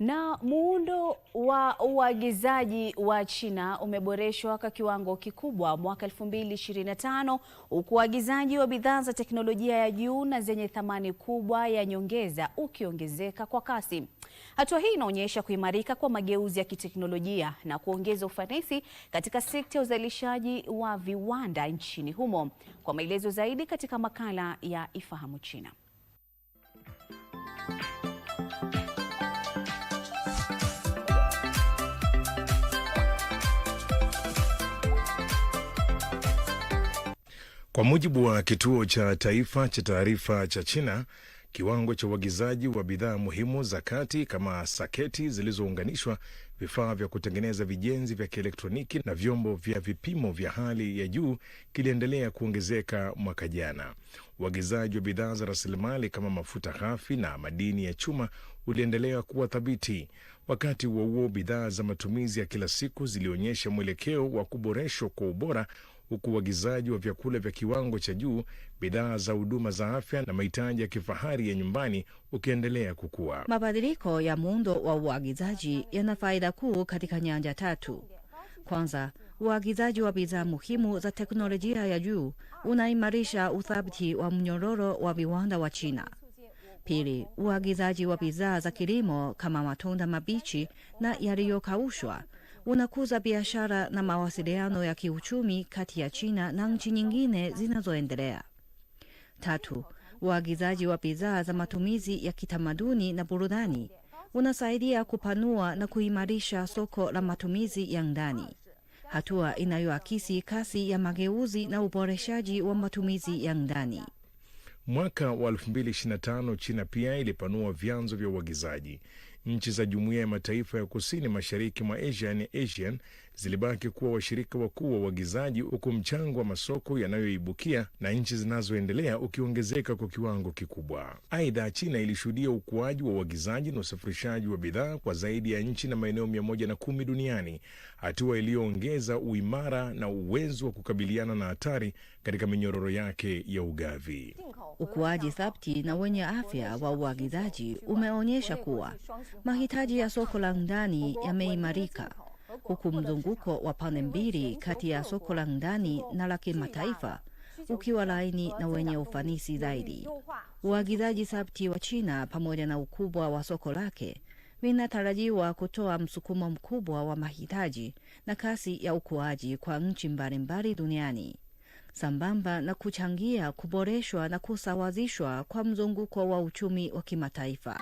Na muundo wa uagizaji wa China umeboreshwa kwa kiwango kikubwa mwaka 2025 huku uagizaji wa bidhaa za teknolojia ya juu na zenye thamani kubwa ya nyongeza ukiongezeka kwa kasi. Hatua hii inaonyesha kuimarika kwa mageuzi ya kiteknolojia na kuongeza ufanisi katika sekta ya uzalishaji wa viwanda nchini humo. Kwa maelezo zaidi katika makala ya Ifahamu China. Kwa mujibu wa kituo cha taifa cha taarifa cha China, kiwango cha uagizaji wa bidhaa muhimu za kati kama saketi zilizounganishwa, vifaa vya kutengeneza vijenzi vya kielektroniki na vyombo vya vipimo vya hali ya juu kiliendelea kuongezeka mwaka jana. Uagizaji wa bidhaa za rasilimali kama mafuta ghafi na madini ya chuma uliendelea kuwa thabiti. Wakati huo huo, bidhaa za matumizi ya kila siku zilionyesha mwelekeo wa kuboreshwa kwa ubora huku uagizaji wa vyakula vya kiwango cha juu, bidhaa za huduma za afya na mahitaji ya kifahari ya nyumbani ukiendelea kukua. Mabadiliko ya muundo wa uagizaji yana faida kuu katika nyanja tatu. Kwanza, uagizaji wa bidhaa muhimu za teknolojia ya juu unaimarisha uthabiti wa mnyororo wa viwanda wa China. Pili, uagizaji wa bidhaa za kilimo kama matunda mabichi na yaliyokaushwa unakuza biashara na mawasiliano ya kiuchumi kati ya China na nchi nyingine zinazoendelea. Tatu, uagizaji wa bidhaa za matumizi ya kitamaduni na burudani unasaidia kupanua na kuimarisha soko la matumizi ya ndani, hatua inayoakisi kasi ya mageuzi na uboreshaji wa matumizi ya ndani. Mwaka wa 2025 China pia ilipanua vyanzo vya uagizaji nchi za Jumuiya ya Mataifa ya Kusini Mashariki mwa Asia ni asian zilibaki kuwa washirika wakuu wa uagizaji huku mchango wa masoko yanayoibukia na nchi zinazoendelea ukiongezeka kwa kiwango kikubwa. Aidha, China ilishuhudia ukuaji wa uagizaji na usafirishaji wa bidhaa kwa zaidi ya nchi na maeneo mia moja na kumi duniani, hatua iliyoongeza uimara na uwezo wa kukabiliana na hatari katika minyororo yake ya ugavi. Ukuaji thabti na wenye afya wa uagizaji umeonyesha kuwa mahitaji ya soko la ndani yameimarika huku mzunguko wa pande mbili kati ya soko la ndani na la kimataifa ukiwa laini na wenye ufanisi zaidi. Uagizaji sabti wa China pamoja na ukubwa wa soko lake vinatarajiwa kutoa msukumo mkubwa wa mahitaji na kasi ya ukuaji kwa nchi mbalimbali duniani sambamba na kuchangia kuboreshwa na kusawazishwa kwa mzunguko wa uchumi wa kimataifa.